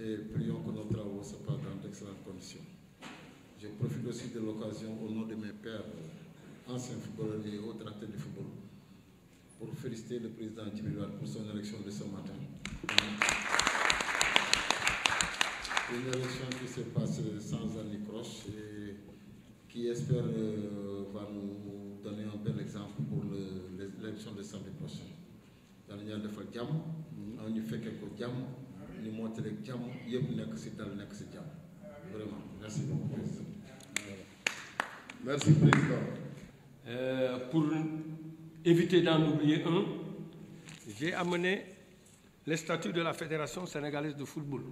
et prions que nos travaux se passent dans d'excellentes conditions. Je profite aussi de l'occasion au nom de mes pères, anciens footballeurs et autres acteurs du football, pour féliciter le président Djibril pour son élection de ce matin. Une élection qui se passe sans anicroche et qui espère euh, va nous donner un bel exemple pour l'élection de samedi prochain. Dans le de on y fait quelques diamants merci euh, pour éviter d'en oublier un, j'ai amené les statuts de la Fédération sénégalaise de football,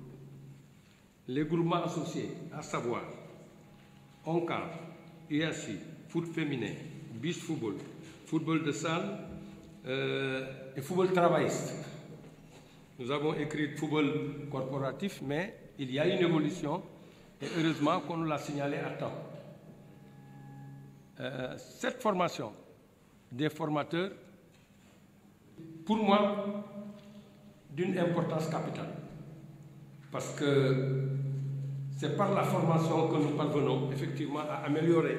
les groupements associés, à savoir ONCAR, IACI, foot féminin, bis football, football de salle euh, et football travailliste. Nous avons écrit football corporatif, mais il y a une évolution et heureusement qu'on nous l'a signalé à temps. Euh, cette formation des formateurs, pour moi, d'une importance capitale. Parce que c'est par la formation que nous parvenons effectivement à améliorer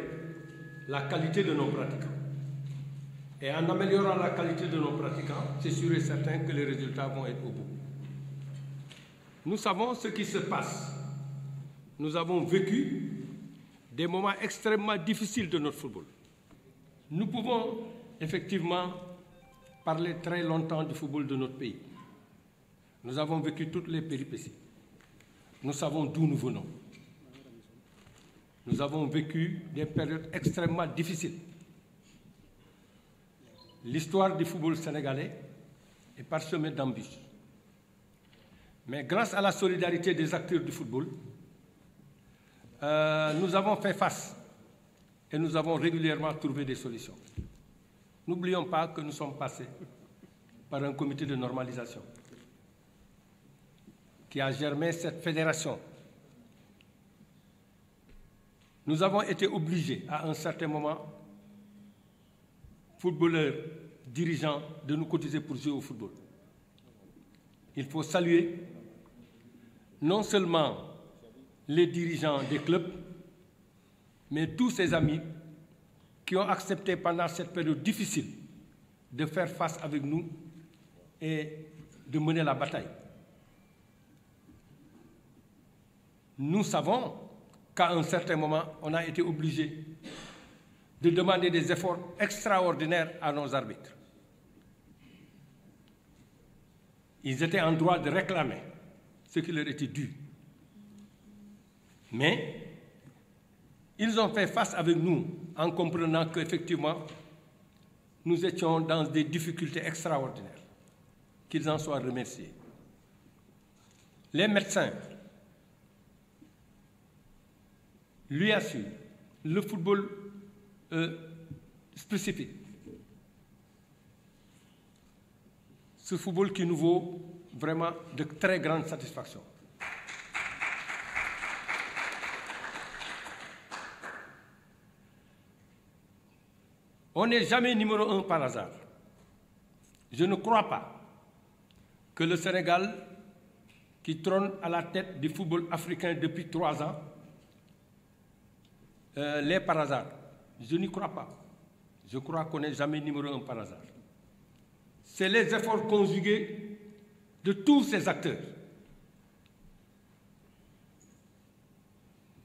la qualité de nos pratiques. Et en améliorant la qualité de nos pratiquants, c'est sûr et certain que les résultats vont être au bout. Nous savons ce qui se passe. Nous avons vécu des moments extrêmement difficiles de notre football. Nous pouvons effectivement parler très longtemps du football de notre pays. Nous avons vécu toutes les péripéties. Nous savons d'où nous venons. Nous avons vécu des périodes extrêmement difficiles l'histoire du football sénégalais est parsemée d'embûches. Mais grâce à la solidarité des acteurs du football, euh, nous avons fait face et nous avons régulièrement trouvé des solutions. N'oublions pas que nous sommes passés par un comité de normalisation qui a germé cette fédération. Nous avons été obligés à un certain moment footballeurs, dirigeants, de nous cotiser pour jouer au football. Il faut saluer non seulement les dirigeants des clubs, mais tous ces amis qui ont accepté pendant cette période difficile de faire face avec nous et de mener la bataille. Nous savons qu'à un certain moment, on a été obligé de demander des efforts extraordinaires à nos arbitres. Ils étaient en droit de réclamer ce qui leur était dû. Mais ils ont fait face avec nous en comprenant qu'effectivement, nous étions dans des difficultés extraordinaires. Qu'ils en soient remerciés. Les médecins, lui assurent le football euh, spécifique. Ce football qui nous vaut vraiment de très grandes satisfactions. On n'est jamais numéro un par hasard. Je ne crois pas que le Sénégal, qui trône à la tête du football africain depuis trois ans, euh, l'est par hasard. Je n'y crois pas. Je crois qu'on n'est jamais numéro un par hasard. C'est les efforts conjugués de tous ces acteurs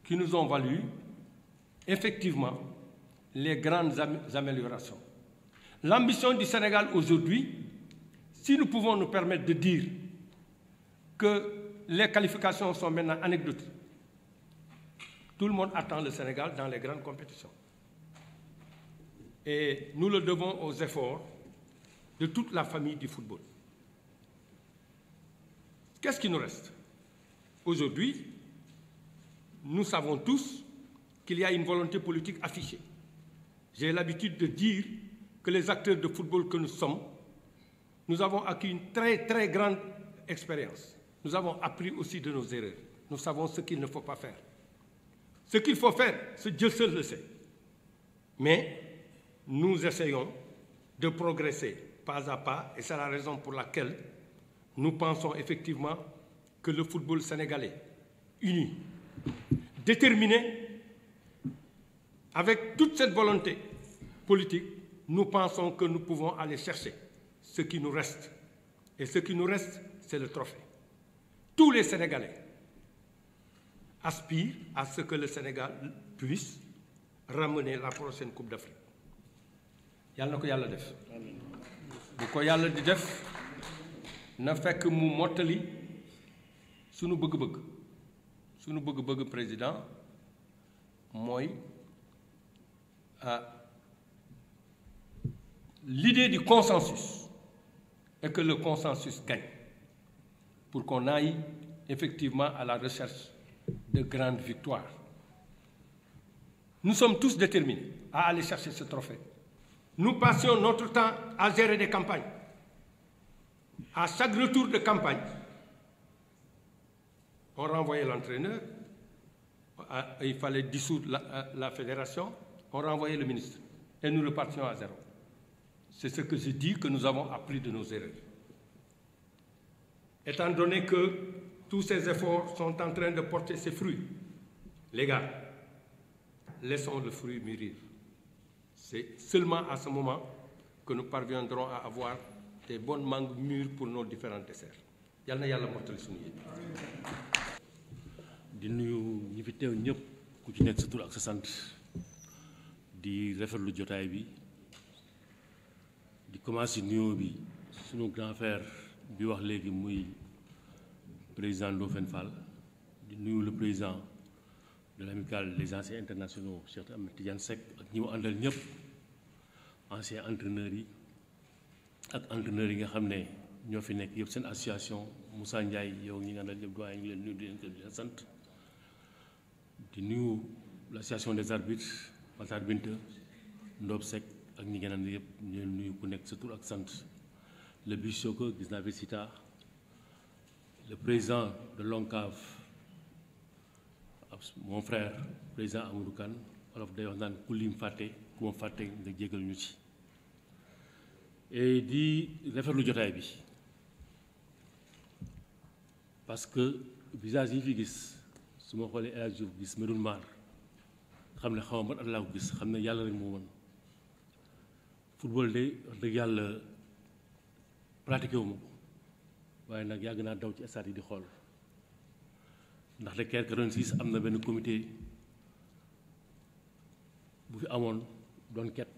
qui nous ont valu effectivement les grandes améliorations. L'ambition du Sénégal aujourd'hui, si nous pouvons nous permettre de dire que les qualifications sont maintenant anecdotiques, tout le monde attend le Sénégal dans les grandes compétitions et nous le devons aux efforts de toute la famille du football. Qu'est-ce qui nous reste Aujourd'hui, nous savons tous qu'il y a une volonté politique affichée. J'ai l'habitude de dire que les acteurs de football que nous sommes, nous avons acquis une très très grande expérience. Nous avons appris aussi de nos erreurs. Nous savons ce qu'il ne faut pas faire. Ce qu'il faut faire, ce Dieu seul le sait. Mais nous essayons de progresser pas à pas et c'est la raison pour laquelle nous pensons effectivement que le football sénégalais, uni, déterminé, avec toute cette volonté politique, nous pensons que nous pouvons aller chercher ce qui nous reste. Et ce qui nous reste, c'est le trophée. Tous les Sénégalais aspirent à ce que le Sénégal puisse ramener la prochaine Coupe d'Afrique yàlla na ko def di sunu sunu président ah, l'idée du consensus et que le consensus gagne pour qu'on aille effectivement à la recherche de grandes victoires. Nous sommes tous déterminés à aller chercher ce trophée nous passions notre temps à gérer des campagnes. À chaque retour de campagne, on renvoyait l'entraîneur, ah, il fallait dissoudre la, fédération, on renvoyait le ministre et nous repartions à zéro. C'est ce que je dis que nous avons appris de nos erreurs. Étant donné que tous ces efforts sont en train de porter ses fruits, les gars, laissons le fruit mûrir. C'est seulement à ce moment que nous parviendrons à avoir des bonnes mangues mûres pour nos différents desserts yal na yàlla mottali suñu yéen. di nuyu ñi fi teew ñëpp ku ci nekk sa tur ak sa sant di rafetlu jotaay bi di commencer nuyoo bi suñu grand frère bi wax léegi muy président Ndofène Fall di nuyu le président de l'amical des anciens internationaux Cheikh Ahmed Tidiane Seck ak ñi mu àndal ñëpp anciens entraîneurs yi ak entraîneurs yi nga xam ne ñoo fi nekk yëpp seen association Moussa Ndiaye yow ñi nga àndal yëpp doyen ñu leen nuyu di leen di leen sant di nuyu l'association des arbitres Matar Binte Ndob Seck ak ñi ngeen àndal yëpp ñu leen nuyu ku nekk sa tur ak sant le bus Soko gis naa fi Sita le président de l'ONCAV mon frère président Amadou Kane olof day wax naan ku mu fàtte ku ma fàtte nga jégal ñu ci di rafetlu jotaay bi parce que visage yi fi gis su ma xoolee El Hadj Diouf gis Medoune Mar xam ne xaw ma ban at laa ko gis xam ne yàlla rek moo mën football de wax yàlla pratiqué wu ko waaye nag yàgg naa daw ci stade yi di xool ndaxte Caire 86 am na benn comité. bu fi amoon doon ket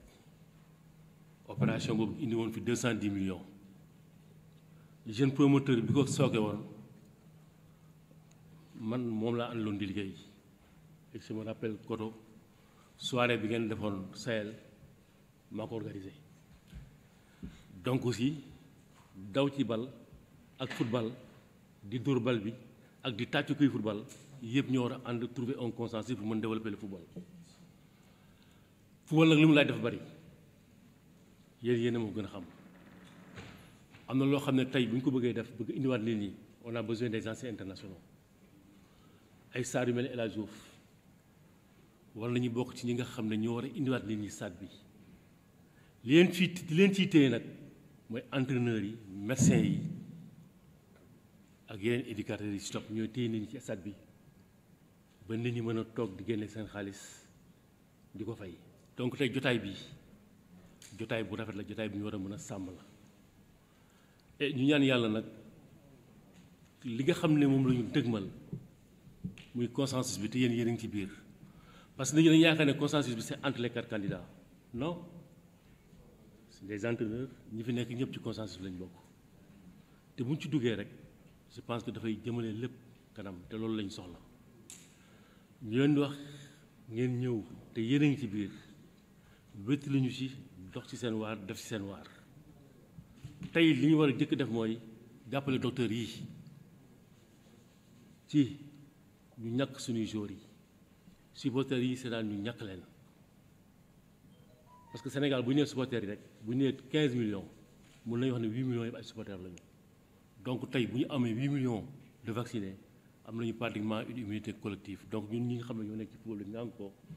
opération boobu indi woon fi 210 millions jeune promoteur bi ko sooke woon man moom laa àndaloon di liggéey et je me rappelle koto soirée bi ngeen defoon Sahel maa ko organisé donc aussi daw ci bal ak football di dóor bal bi ak di tàcc kuy football yëpp ñoo war a ànd trouver un consensus pour mën développer le football football nag li mu laaj dafa bari yéen yéen a moo gën a xam am na loo xam ne tey bu ñu ko bëggee def bëgg indiwaat nit ñi on a besoin des anciens internationaux ay saar yu mel ne El Hadj war nañu bokk ci ñi nga xam ne ñoo war a indiwaat nit ñi saat bi li leen fi li leen ciy téye nag mooy entraîneurs yi médecins yi ak yeneen éducateurs yi si topp ñooy téye nit ñi ci saat bi ba nit ñi mën a toog di génne seen xaalis di ko fay. donc tey jotaay bi jotaay bu rafet la jotaay bi ñu war a mën a sàmm la e, ñu ñaan yàlla nag li nga xam ne moom la ñu dëgmal muy consensus bi te yéen yéen a ngi ci biir parce que dañu dañu ne consensus bi c'est entre les quatre candidats non c'est ñi fi nekk ñëpp ci consensus bi lañ bokk te buñ ci duggee rek je pense que dafay jëmale lépp kanam te loolu lañ soxla ñu leen di wax ngeen ñëw te yéen a ngi ci biir wétti le ci dox ci seen waar def ci de waar tey li le war a jëkk def mooy jàppale docteur yi ci ñu ñàkk suñuy joueurs yi supporters yi c'est ñu parce que Sénégal bu ñu nee supporters rek bu 15 millions mon nañu wax 8 millions yëpp ay supporters lañu donc taille bu ñu mes 8 millions de vaccinés am nañu pratiquement une immunité collective donc ñun ñi nga xam ne ñoo nekk ci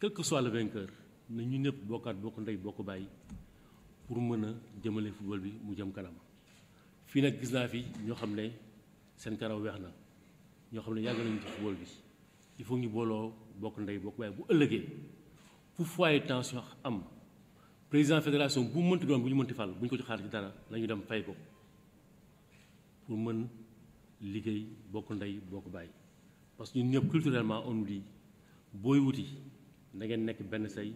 quel que soit le vainqueur na ñu ñëpp bokkaat bokk ndey bokk bàyyi pour mën a jëmale football bi mu jëm kanam fii nag gis naa fi ñoo xam ne seen karaw weex na ñoo xam ne yàgg nañu ci football bi il faut ñu booloo bokk ndey bokk bàyyi bu ëllëgee fu foyer tension am président fédération bu mënti doon bu ñu mënti fal bu ñu ko ci xaar ci dara la dem fay ko pour mën liggéey bokk ndey bokk bàyyi parce que ñun ñëpp culturellement on nous dit booy wuti da ngeen nekk benn say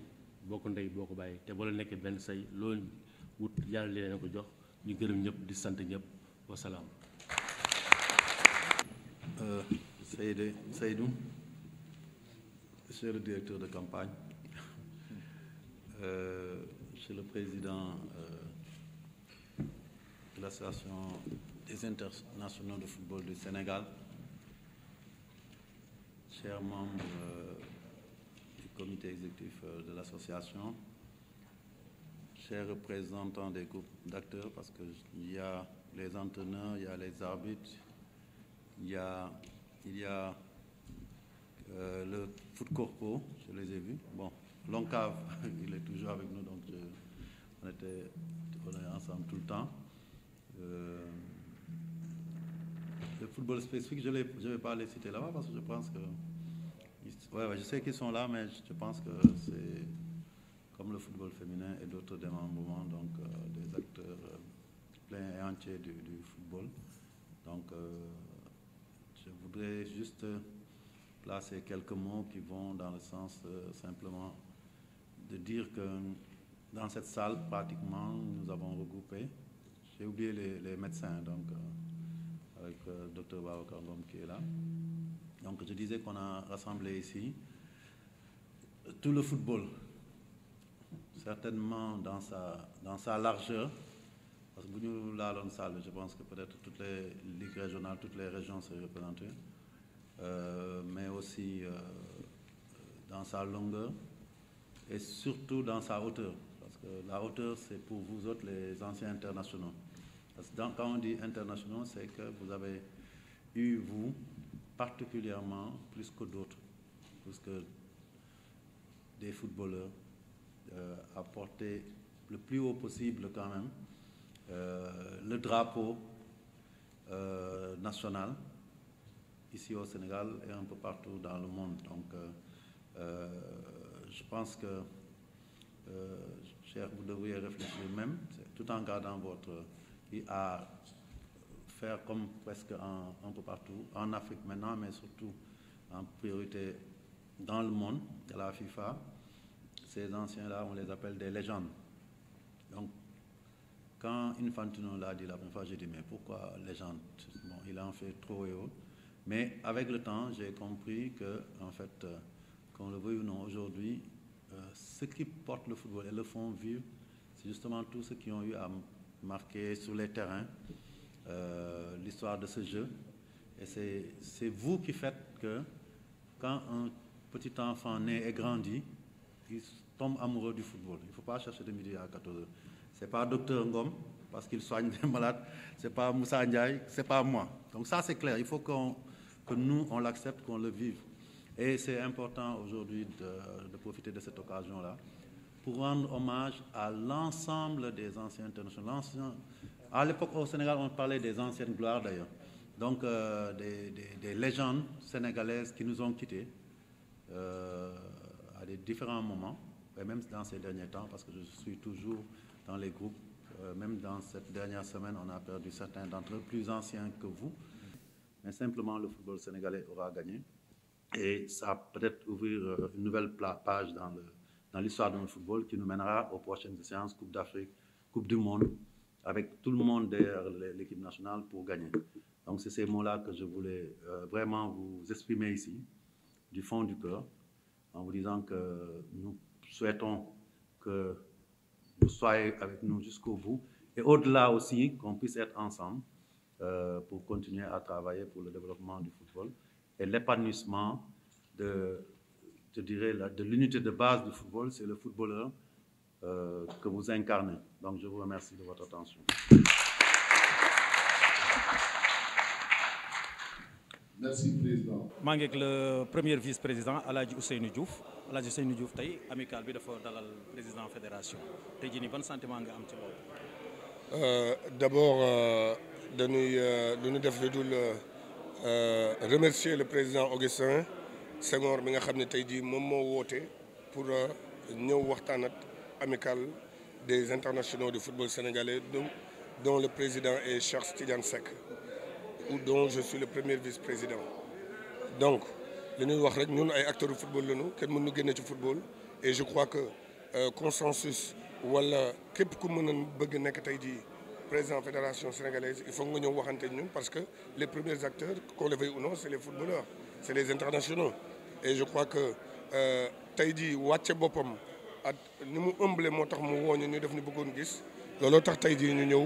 boo ko ndey boo ko bàyyi te boo la nekkee benn say loolu wut yàlla leen ko jox ñu gërëm ñëpp di sant ñëpp wasalaam. Euh, Seydou Seydou monsieur le directeur de campagne euh, monsieur le président euh, de l'association des internationaux de football du Sénégal chers membres. Euh, comité exécutif euh, de l'association, chers représentants des groupes d'acteurs, parce qu'il y a les enteneurs il y a les arbitres, il y a, il y a euh, le foot corpo, je les ai vus. Bon, l'oncave, il est toujours avec nous, donc on, était, est ensemble tout le temps. Euh, le football spécifique, je ne vais pas les citer là-bas parce que je pense que Ouais, je sais qu'ils sont là, mais je pense que c'est comme le football féminin et d'autres démembrements, donc euh, des acteurs euh, pleins et entiers du, football. Donc, euh, je voudrais juste placer quelques mots qui vont dans le sens simplement de dire que dans cette salle, pratiquement, nous avons regroupé, j'ai oublié les, médecins, donc avec docteur Barokargom qui est là. Donc je disais qu'on a rassemblé ici euh, tout le football, certainement dans sa, dans sa largeur. Parce que nous, là, salle, je pense que peut-être toutes les ligues régionales, toutes les régions se représentées, euh, mais aussi euh, dans sa longueur et surtout dans sa hauteur. Parce que la hauteur, c'est pour vous autres, les anciens internationaux. Parce que quand on dit internationaux, c'est que vous avez eu, vous, particulièrement plus que d'autres, puisque des footballeurs euh, porter le plus haut possible quand même euh, le drapeau euh, national ici au Sénégal et un peu partout dans le monde. Donc euh, je pense que, cher, vous devriez réfléchir même, tout en gardant votre... à comme presque un peu partout, en Afrique maintenant, mais surtout en priorité dans le monde de la FIFA. Ces anciens-là, on les appelle des légendes. Donc, quand une Infantino l'a dit la première fois, j'ai dit, mais pourquoi légende bon, Il en fait trop et haut. Mais avec le temps, j'ai compris que, en fait, quand euh, qu'on le veuille ou non, aujourd'hui, euh, ce qui porte le football et le font vivre, c'est justement tous ceux qui ont eu à marquer sur les terrains, euh, l'histoire de ce jeu. Et c'est vous qui faites que quand un petit enfant naît et grandit, il tombe amoureux du football. Il ne faut pas chercher de midi à 14 c'est Ce n'est pas docteur Ngom, parce qu'il soigne des malades. Ce n'est pas Moussa Ndiaye, ce n'est pas moi. Donc ça, c'est clair. Il faut qu'on que nous, on l'accepte, qu'on le vive. Et c'est important aujourd'hui de, de, profiter de cette occasion-là pour rendre hommage à l'ensemble des anciens internationaux, à l'époque, au Sénégal, on parlait des anciennes gloires d'ailleurs. Donc, euh, des, légendes sénégalaises qui nous ont quittés euh, à des différents moments, et même dans ces derniers temps, parce que je suis toujours dans les groupes. Euh, même dans cette dernière semaine, on a perdu certains d'entre eux, plus anciens que vous. Mais simplement, le football sénégalais aura gagné. Et ça peut-être ouvrir une nouvelle page dans l'histoire dans de notre football qui nous mènera aux prochaines séances Coupe d'Afrique, Coupe du Monde avec tout le monde derrière l'équipe nationale pour gagner. Donc c'est ces mots-là que je voulais euh, vraiment vous exprimer ici, du fond du cœur, en vous disant que nous souhaitons que vous soyez avec nous jusqu'au bout et au-delà aussi qu'on puisse être ensemble euh, pour continuer à travailler pour le développement du football et l'épanouissement de, je dirais, de l'unité de base du football, c'est le footballeur euh, que vous incarnez. Donc je vous remercie de votre attention. Merci, Président. Mangek le premier vice-président Aladji Hadj Ousseynou Diouf Aladji Hadj Ousseynou Diouf tey amical bi dafa dalal président fédération tey ni nii sentiment nga am ci euh, d'abord euh, de dañu def remercier le président Augustin Seigneur, bi nga xam ne tey jii moom pour nous waxtaan amical des internationaux du football sénégalais, dont, le président est Charles Tidiane Sek, ou dont je suis le premier vice-président. Donc, nous sommes acteurs du football, nous sommes du football, et je crois que euh, consensus, voilà, que ku que nous bëgg nekk fédération sénégalaise il faut que nous nous ñun parce que les premiers acteurs qu'on le veuille ou non c'est les footballeurs c'est les internationaux et je crois que euh, Taïdi jii wàcce ni mu ëmbalee motax mu wooñu ñu def ni bëggoon gis lolo tax tay jii ñu ñëw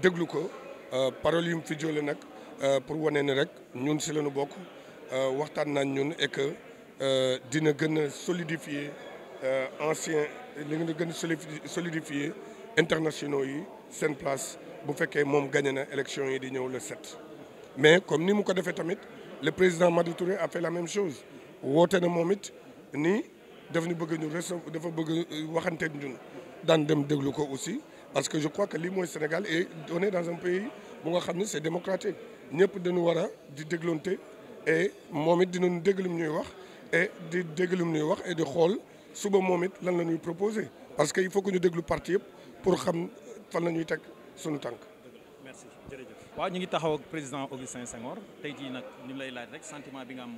déglu ko euh, parole yu mu fi jëlee nag euh, pour woné ni rek ñun ci lañu bokk euh, waxtaan nañ ñun et que dina gëna a solidifier ancien li nga gëna solidifier internationaux yi sen place bu féké mom gagné na élection yi di ñëw le 7. mais comme ni mu ko défé tamit le président Madi Touré a fait la même chose woté na momit ni daf ñu bëgg ñu recevoir dafa bëgg waxanteeg ñun daan dem déglu aussi parce que je crois que lii mooy Sénégal est, on est dans un pays bu nga xam c'est démocratique ñëpp dañu war a di dégloonte et moom it dinañu dégg lu ñuy wax et di dégg lu ñuy wax et di xool suba moom it lan la ñuy proposer parce que il faut que ñu déglu parti yëpp pour xam fan la ñuy teg suñu tànk. merci jërëjëf. waaw ñu ngi taxaw ak président Augustin Senghor tey jii nag ñu lay laaj rek sentiment bi nga am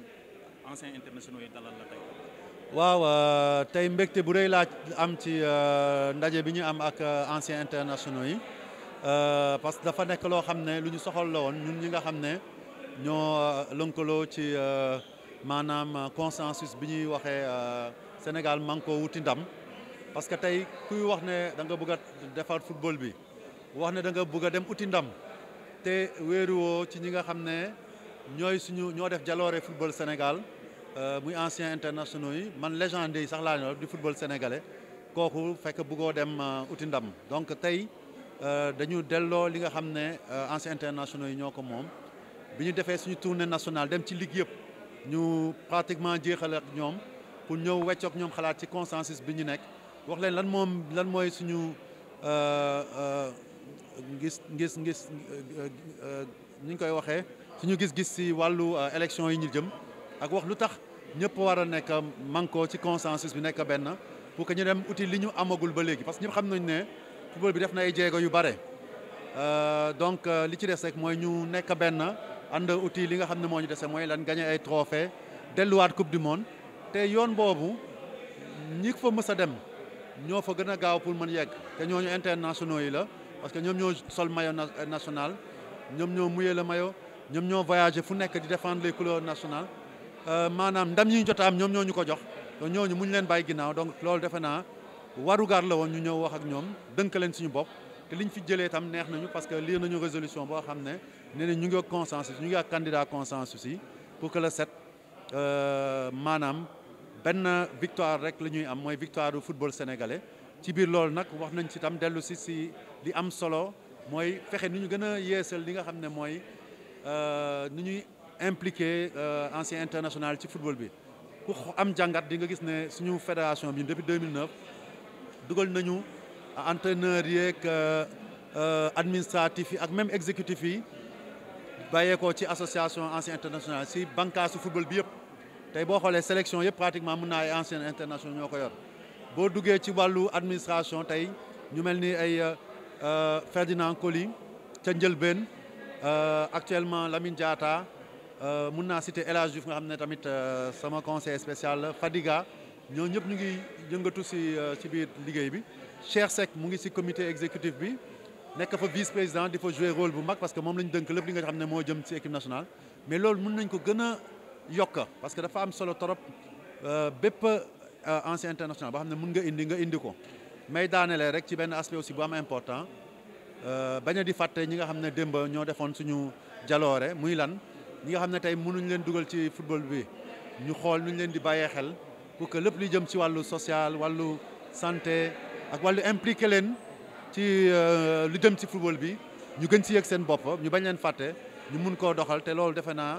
anciens internationaux yi dalal la tey. waaw tey mbégte bu rëy laaj am ci euh, ndaje bi ñu am ak euh, anciens internationaux yi euh, parce que dafa nekk loo xam ne lu ñu soxal la woon ñun ñi nga xam ne ñoo lënkaloo ci maanaam consensus bi ñuy waxee Sénégal man wuti ndam parce que tey kuy wax ne da nga bëgg a defar football bi wax ne da nga bëgg a dem wuti ndam te wéeruwoo ci ñi nga xam ne ñooy suñu ñoo def jaloore football Sénégal Euh, muy ancien internationaux yi man légende yi sax laa di football sénégalais kooku fekk bëggoo dem euh, uti ndam donc tey euh, dañu delloo li nga xam ne anciens internationaux yi ñoo ko moom bi ñu defee suñu tournée national dem ci ligue yëpp ñu pratiquement jeexal ak ñoom pour ñëw weccook ñoom xalaat ci consensus bi ñu nekk wax leen lan moom lan mooy suñu gis gis gis ñu ngi koy waxee suñu gis-gis si wàllu élection yi ñu jëm ak wax lu tax ñëpp war a nekk manko ci consensus bi nekk benn pour que ñu dem outil li ñu amagul ba léegi parce que ñëpp xam nañ ne football bi def na ay jéego yu bare. Euh, donc euh, li ci des rek mooy ñu nekk benn ànd outil li nga xam ne moo ñu dese mooy lan gagné ay trophée delluwaat coupe du monde te yoon boobu ñi fa mës a dem ñoo fa gën a gaaw pour mën yegg te ñooñu internationaux yi la parce que ñoom ñoo sol mayo euh, national ñoom ñoo muyee le mayo ñoom ñoo voyager fu nekk di défendre les couleurs nationales. Euh, manam ndam yi ñu jot a am ñoom ñoo ñu ko jox donc ñooñu muñ leen bay ginnaaw donc loolu defena waru gar la woon ñu ñew wax ak ñom deunk leen suñu bop te liñ fi jëlé tam neex nañu parce que li nañu résolution bo xamné né nee ñu ngi consensus ñu ngi candidat consensus yi pour que le set euh manam ben victoire rek la am moy victoire du football sénégalais ci bir lool nak wax nañ ci tam delu ci ci li am solo moy fexé ñu gëna a li nga xamné moy euh nu ñuy impliqué euh, ancien international ci football bi ku am une di gis ne suñu fédération bi depuis 2009 dugal nañu entraîneur yeeg euh, euh, administratif ak même exécutif yi ko ci association ancien international si bancas football bi yépp tay bo xolé sélection yépp pratiquement mën ay ancien international ñoko yor bo duggé ci administration tay ñu melni ay euh Ferdinand Koli, ca Ben, actuellement Lamine Diata Euh, mun naa citer El Hadj nga xam ne tamit euh, sama conseil spécial Fadiga ñoo ñëpp ñu ngi yëngatu si ci euh, biir liggéey bi Cheikh sec mu ngi si comité exécutif bi nekk fa vice président di fa jouer rôle bu mag parce que moom la ñu dënk lépp li nga xam ne moo jëm si équipe nationale. mais loolu mun nañ ko gën a yokk parce que dafa am solo torop bépp ancien international boo xam ne mun nga indi nga indi ko may daaneele rek ci benn aspect aussi bu am important bañ a di fàtte ñi nga xam ne démb ñoo defoon suñu jaloore muy lan. ñi nga xam ne tey mënuñ leen dugal ci football bi ñu xool nu ñu leen di bàyyee xel pour que lépp li jëm ci wàllu social wàllu santé ak wàllu impliqué leen ci euh, lu jëm ci football bi ñu gën ci yëg seen bopp ñu bañ leen fàtte ñu mun koo doxal te loolu defe naa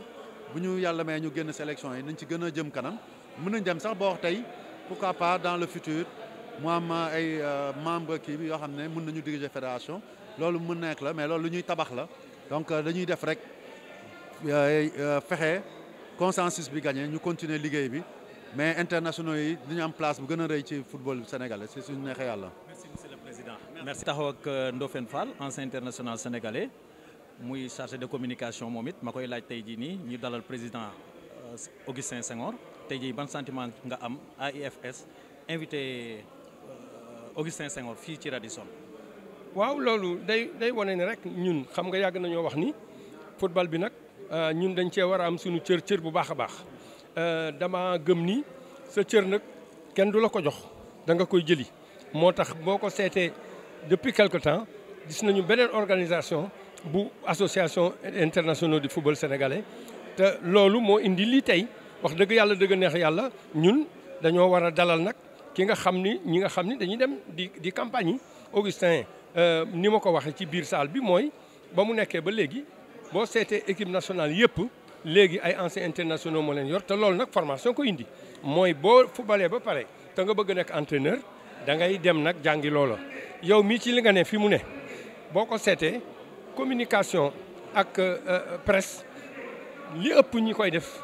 bu ñu yàlla may ñu génn sélection yi nañ ci gën a jëm kanam mën nañ dem sax boo wax tey pourquoi pas dans le futur mu am ay euh, membre kii bi yoo xam ne mën nañu diriger fédération loolu mën nekk la mais loolu lu ñuy tabax la donc euh, dañuy def rek fexé consensus bi gagné ñu continuer liggéey bi mais internationaux yi dañu am place bu gëna reuy ci football sénégalais C'est suñu nexé yalla merci monsieur le président. merci taxaw ak euh, Ndofène Fall ancien international sénégalais muy chargé de communication momit makoy laaj tey jii nii ñu dalal président euh, Augustin Senghor tey jii ban sentiment nga am AIFS invité euh, Augustin Senghor fi ci Radisson. waaw loolu day day wone ne rek ñun xam nga yàgg nañoo wax ni football bi nag. Euh, ñun dañ cee war a am suñu cër cër bu baax a baax euh, dama gëm ni sa cër nag kenn du la ko jox da nga koy jëli moo tax boo ko seetee depuis quelque temps gis nañu beneen organisation bu association internationale di football sénégalais te loolu moo indi lii tey wax dëgg yàlla dëgg neex yàlla ñun dañoo war a dalal nag ki nga xam ni ñi nga xam ni dañuy dem di di campagne yi Augustin euh, ni ma ko waxee ci biir saal bi mooy ba mu nekkee ba léegi boo seetee équipe nationale yëpp léegi ay anciens internationaux moo leen yor te loolu nag formation ko indi mooy boo fubalee ba pare te nga bëgg nekk entraîneur da ngay dem nag jàngi loola. yow mii ci li nga ne fi mu communication ak euh, euh, presse li ëpp ñi koy def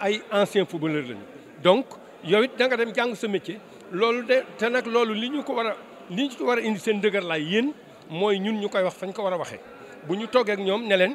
ay anciens footballeurs lañu donc yow it da nga dem jang sa métier loolu de te nag loolu li ñu ko wara a li ñu ko wara indi seen dëgër laay yéen mooy ñun wax fañ ko wara a waxee bu ak ne